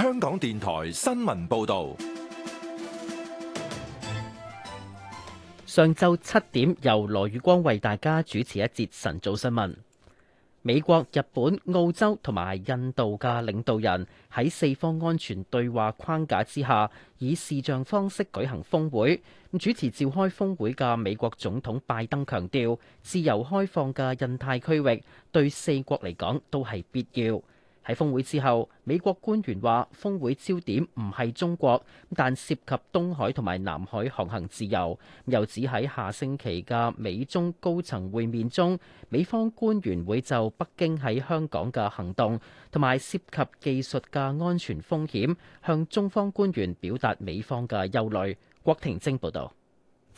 香港電台新聞報道：上晝七點，由羅宇光為大家主持一節晨早新聞。美國、日本、澳洲同埋印度嘅領導人喺四方安全對話框架之下，以視像方式舉行峰會。主持召開峰會嘅美國總統拜登強調，自由開放嘅印太區域對四國嚟講都係必要。喺峰會之後，美國官員話，峰會焦點唔係中國，但涉及東海同埋南海航行自由。又指喺下星期嘅美中高層會面中，美方官員會就北京喺香港嘅行動同埋涉及技術嘅安全風險，向中方官員表達美方嘅憂慮。郭婷晶報道。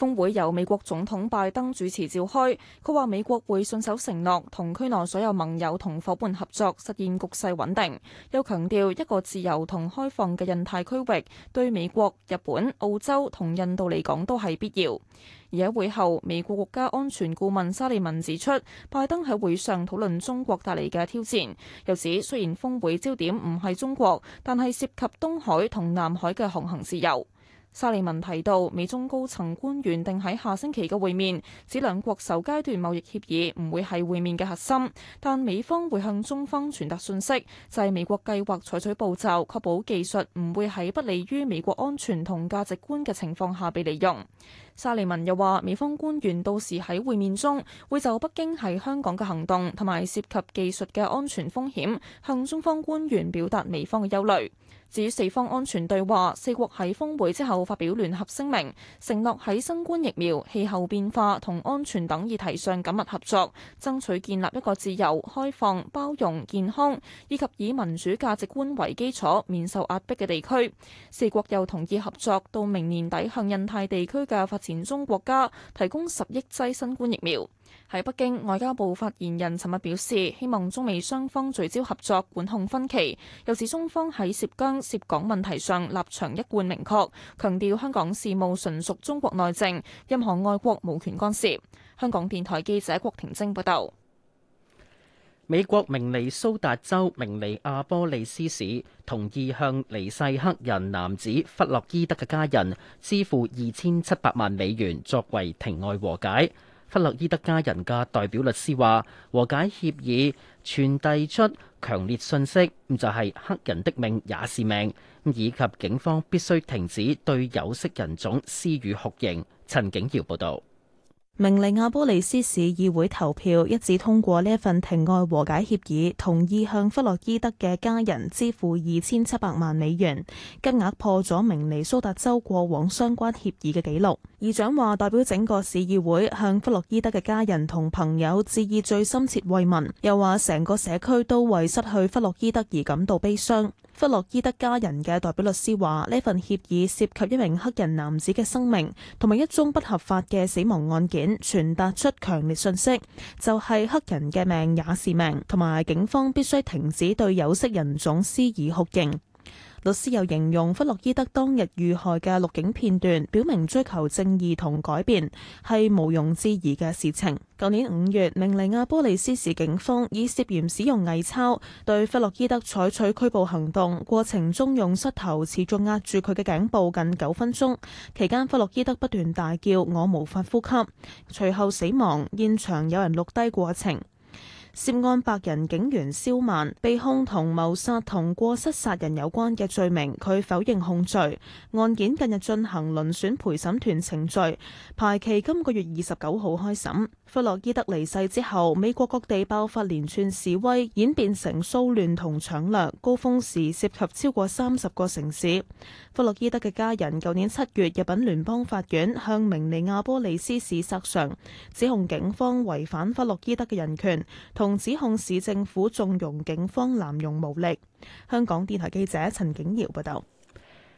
峰會由美國總統拜登主持召開，佢話美國會信守承諾，同區內所有盟友同伙伴合作，實現局勢穩定。又強調一個自由同開放嘅印太區域，對美國、日本、澳洲同印度嚟講都係必要。而喺會後，美國國家安全顧問沙利文指出，拜登喺會上討論中國帶嚟嘅挑戰，又指雖然峰會焦點唔係中國，但係涉及東海同南海嘅航行自由。沙利文提到，美中高層官員定喺下星期嘅會面，指兩國首階段貿易協議唔會係會面嘅核心，但美方會向中方傳達信息，就係美國計劃採取步驟，確保技術唔會喺不利於美國安全同價值觀嘅情況下被利用。沙利文又話，美方官員到時喺會面中會就北京喺香港嘅行動同埋涉及技術嘅安全風險，向中方官員表達美方嘅憂慮。至於四方安全對話，四國喺峰會之後。發表聯合聲明，承諾喺新冠疫苗、氣候變化同安全等議題上緊密合作，爭取建立一個自由、開放、包容、健康以及以民主價值觀為基礎、免受壓迫嘅地區。四國又同意合作，到明年底向印太地區嘅發展中國家提供十億劑新冠疫苗。喺北京，外交部發言人尋日表示，希望中美雙方聚焦合作，管控分歧。又指中方喺涉疆涉港問題上立場一貫明確，強調香港事務純屬中國內政，任何外國無權干涉。香港電台記者郭庭晶報道。美國明尼蘇達州明尼阿波利斯市同意向離世黑人男子弗洛伊德嘅家人支付二千七百萬美元，作為庭外和解。弗洛伊德家人嘅代表律師話：和解協議傳遞出強烈信息，咁就係黑人的命也是命，咁以及警方必須停止對有色人種施予酷刑。陳景堯報導。明尼阿波利斯市議會投票一致通過呢一份庭外和解協議，同意向弗洛伊德嘅家人支付二千七百萬美元，金額破咗明尼蘇達州過往相關協議嘅記錄。議長話，代表整個市議會向弗洛伊德嘅家人同朋友致以最深切慰問，又話成個社區都為失去弗洛伊德而感到悲傷。弗洛伊德家人嘅代表律師話：呢份協議涉及一名黑人男子嘅生命，同埋一宗不合法嘅死亡案件，傳達出強烈信息，就係黑人嘅命也是命，同埋警方必須停止對有色人種施以酷刑。律師又形容弗洛伊德當日遇害嘅錄影片段，表明追求正義同改變係毋庸置疑嘅事情。舊年五月，明尼阿波利斯市警方以涉嫌使用偽鈔對弗洛伊德採取拘捕行動，過程中用膝頭持續壓住佢嘅頸部近九分鐘，期間弗洛伊德不斷大叫我無法呼吸，隨後死亡。現場有人錄低過程。涉案白人警員肖曼被控同謀殺同過失殺人有關嘅罪名，佢否認控罪。案件近日進行遴選陪審團程序，排期今個月二十九號開審。弗洛伊德離世之後，美國各地爆發連串示威，演變成騷亂同搶掠，高峰時涉及超過三十個城市。弗洛伊德嘅家人舊年七月入禀聯邦法院向明尼阿波利斯市索償，指控警方違反弗洛伊德嘅人權。仲指控市政府縱容警方濫用武力。香港電台記者陳景瑤報道：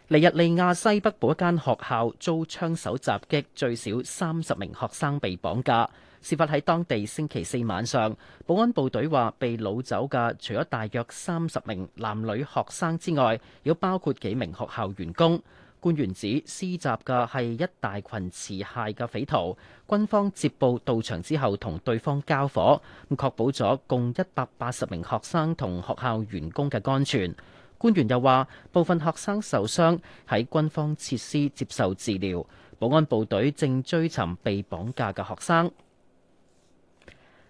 尼日利亞西北部一間學校遭槍手襲擊，最少三十名學生被綁架。事發喺當地星期四晚上，保安部隊話被擄走嘅，除咗大約三十名男女學生之外，有包括幾名學校員工。官員指施襲嘅係一大群持械嘅匪徒，軍方接報到場之後同對方交火，咁確保咗共一百八十名學生同學校員工嘅安全。官員又話，部分學生受傷，喺軍方設施接受治療，保安部隊正追尋被綁架嘅學生。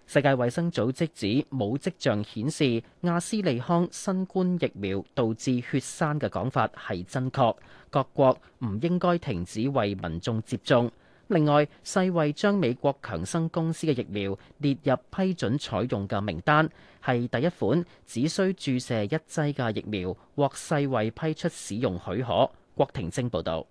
世界衛生組織指冇跡象顯示亞斯利康新冠疫苗導致血栓嘅講法係真確，各國唔應該停止為民眾接種。另外，世衛將美國強生公司嘅疫苗列入批准採用嘅名單，係第一款只需注射一劑嘅疫苗，獲世衛批出使用許可。郭婷晶報導。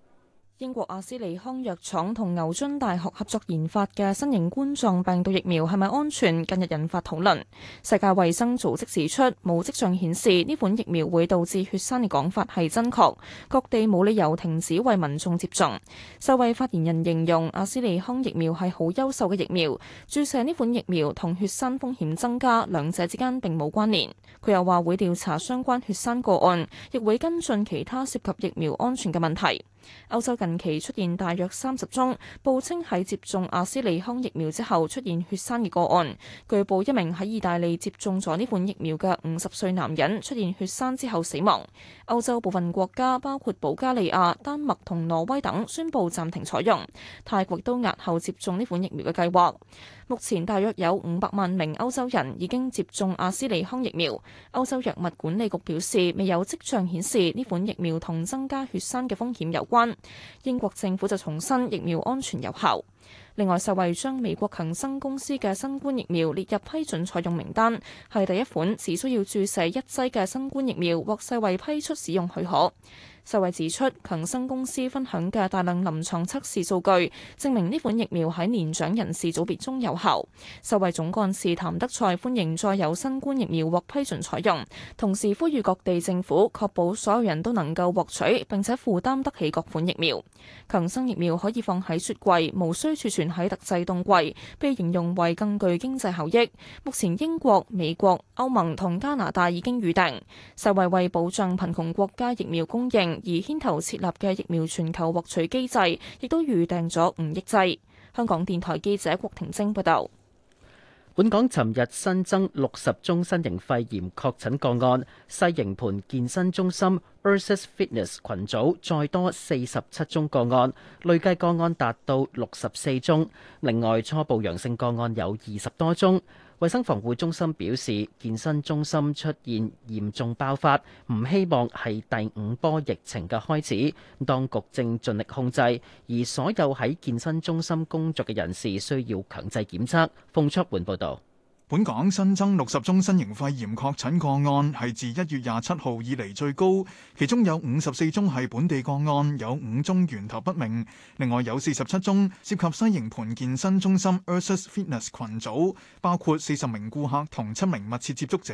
英國阿斯利康藥廠同牛津大學合作研發嘅新型冠狀病毒疫苗係咪安全？近日引發討論。世界衛生組織指出，冇跡象顯示呢款疫苗會導致血栓嘅講法係真確，各地冇理由停止為民眾接種。世衛發言人形容阿斯利康疫苗係好優秀嘅疫苗，注射呢款疫苗同血栓風險增加兩者之間並冇關聯。佢又話會調查相關血栓個案，亦會跟進其他涉及疫苗安全嘅問題。歐洲近近期出現大約三十宗，報稱喺接種阿斯利康疫苗之後出現血栓嘅個案。據報，一名喺意大利接種咗呢款疫苗嘅五十歲男人出現血栓之後死亡。歐洲部分國家，包括保加利亞、丹麥同挪威等，宣布暫停採用。泰國都押後接種呢款疫苗嘅計劃。目前大約有五百萬名歐洲人已經接種阿斯利康疫苗。歐洲藥物管理局表示，未有跡象顯示呢款疫苗同增加血栓嘅風險有關。英國政府就重申疫苗安全有效。另外，世衛將美國強生公司嘅新冠疫苗列入批准採用名單，係第一款只需要注射一劑嘅新冠疫苗獲世衛批出使用許可。世衛指出，強生公司分享嘅大量臨床測試數據，證明呢款疫苗喺年長人士組別中有效。世衛總幹事譚德塞歡迎再有新冠疫苗獲批准採用，同時呼籲各地政府確保所有人都能夠獲取並且負擔得起各款疫苗。強生疫苗可以放喺雪櫃，無需。儲存喺特製凍櫃，被形容為更具經濟效益。目前英國、美國、歐盟同加拿大已經預定，世衛為保障貧窮國家疫苗供應而牽頭設立嘅疫苗全球獲取機制，亦都預訂咗五億劑。香港電台記者郭婷晶報道。本港尋日新增六十宗新型肺炎確診個案，西營盤健身中心 Ursus Fitness 群組再多四十七宗個案，累計個案達到六十四宗。另外，初步陽性個案有二十多宗。衛生防護中心表示，健身中心出現嚴重爆發，唔希望係第五波疫情嘅開始。當局正盡力控制，而所有喺健身中心工作嘅人士需要強制檢測。馮卓煥報道。本港新增六十宗新型肺炎確診個案，係自一月廿七號以嚟最高，其中有五十四宗係本地個案，有五宗源頭不明，另外有四十七宗涉及西營盤健身中心 Ursus Fitness 群組，包括四十名顧客同七名密切接觸者。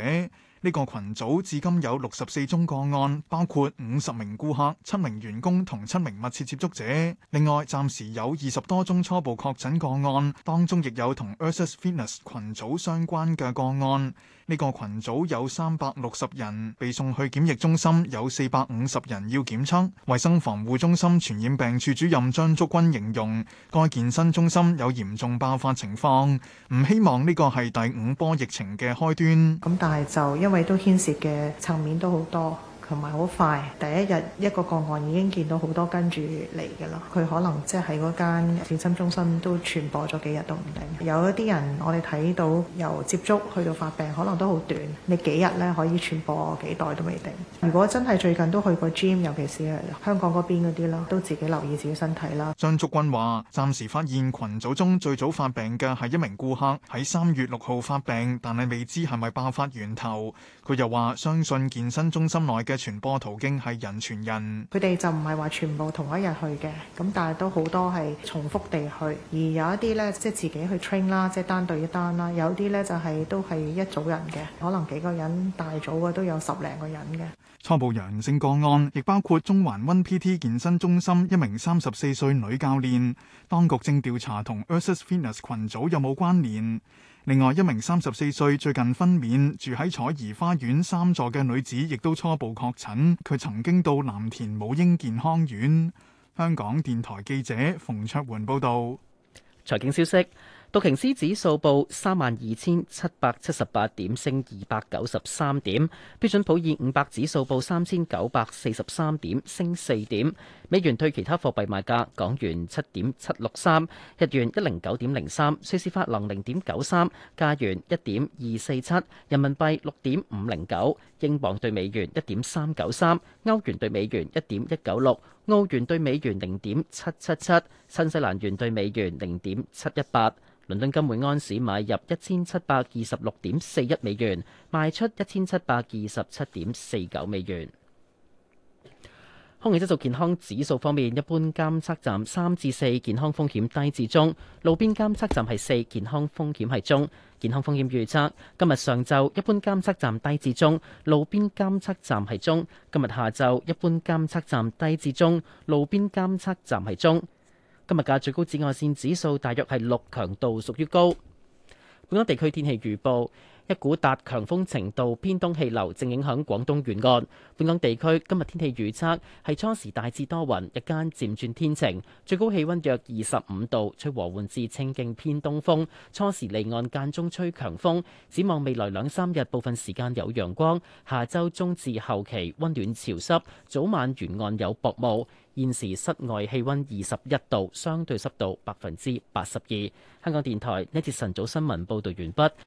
呢個群組至今有六十四宗個案，包括五十名顧客、七名員工同七名密切接觸者。另外，暫時有二十多宗初步確診個案，當中亦有同 Ursus Fitness 群組相關嘅個案。呢、這個群組有三百六十人被送去檢疫中心，有四百五十人要檢測。衛生防護中心傳染病處主任張竹君形容，該健身中心有嚴重爆發情況，唔希望呢個係第五波疫情嘅開端。咁但係就因為都牽涉嘅層面都好多。同埋好快，第一日一個個案已經見到好多跟住嚟嘅啦。佢可能即係喺嗰間健身中心都傳播咗幾日都唔定。有一啲人我哋睇到由接觸去到發病，可能都好短，你幾日咧可以傳播幾代都未定。如果真係最近都去過 gym，尤其是香港嗰邊嗰啲啦，都自己留意自己身體啦。張竹君話暫時發現群組中最早發病嘅係一名顧客，喺三月六號發病，但係未知係咪爆發源頭，佢又話相信健身中心內嘅傳播途徑係人傳人，佢哋就唔係話全部同一日去嘅，咁但係都好多係重複地去，而有一啲咧即係自己去 train 啦，即係單對一單啦，有啲咧就係都係一組人嘅，可能幾個人大組嘅都有十零個人嘅。初步陽性個案亦包括中環溫 PT 健身中心一名三十四歲女教練，當局正調查同 Ursus Fitness 群組有冇關聯。另外一名三十四歲、最近分娩、住喺彩怡花園三座嘅女子，亦都初步確診。佢曾經到藍田母嬰健康院。香港電台記者馮卓媛報道。財經消息。道瓊斯指數報三萬二千七百七十八點，升二百九十三點。標準普爾五百指數報三千九百四十三點，升四點。美元兌其他貨幣賣價：港元七點七六三，日元一零九點零三，瑞士法郎零點九三，加元一點二四七，人民幣六點五零九。英鎊對美元一點三九三，歐元對美元一點一九六，澳元對美元零點七七七，新西蘭元對美元零點七一八。倫敦金每安士買入一千七百二十六點四一美元，賣出一千七百二十七點四九美元。空氣質素健康指數方面，一般監測站三至四，健康風險低至中；路邊監測站係四，健康風險係中。健康風險預測：今日上晝一般監測站低至中，路邊監測站係中；今日下晝一般監測站低至中，路邊監測站係中。今日嘅最高紫外線指數大約係六，強度屬於高。本港地區天氣預報。一股達強風程度偏東氣流正影響廣東沿岸，本港地區今日天氣預測係初時大致多雲，日間漸轉天晴，最高氣温約二十五度，吹和緩至清勁偏東風，初時離岸間中吹強風。展望未來兩三日，部分時間有陽光，下周中至後期温暖潮濕，早晚沿岸有薄霧。現時室外氣温二十一度，相對濕度百分之八十二。香港電台呢節晨早新聞報道完畢。